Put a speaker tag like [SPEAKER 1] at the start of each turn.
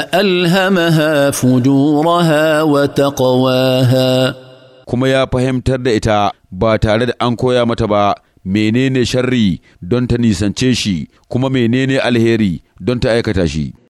[SPEAKER 1] alhamaha فألهمها فجورها وتقواها kuma ya fahimtar da ita ba tare da an koya mata ba menene sharri don ta nisance shi kuma menene alheri don ta aikata shi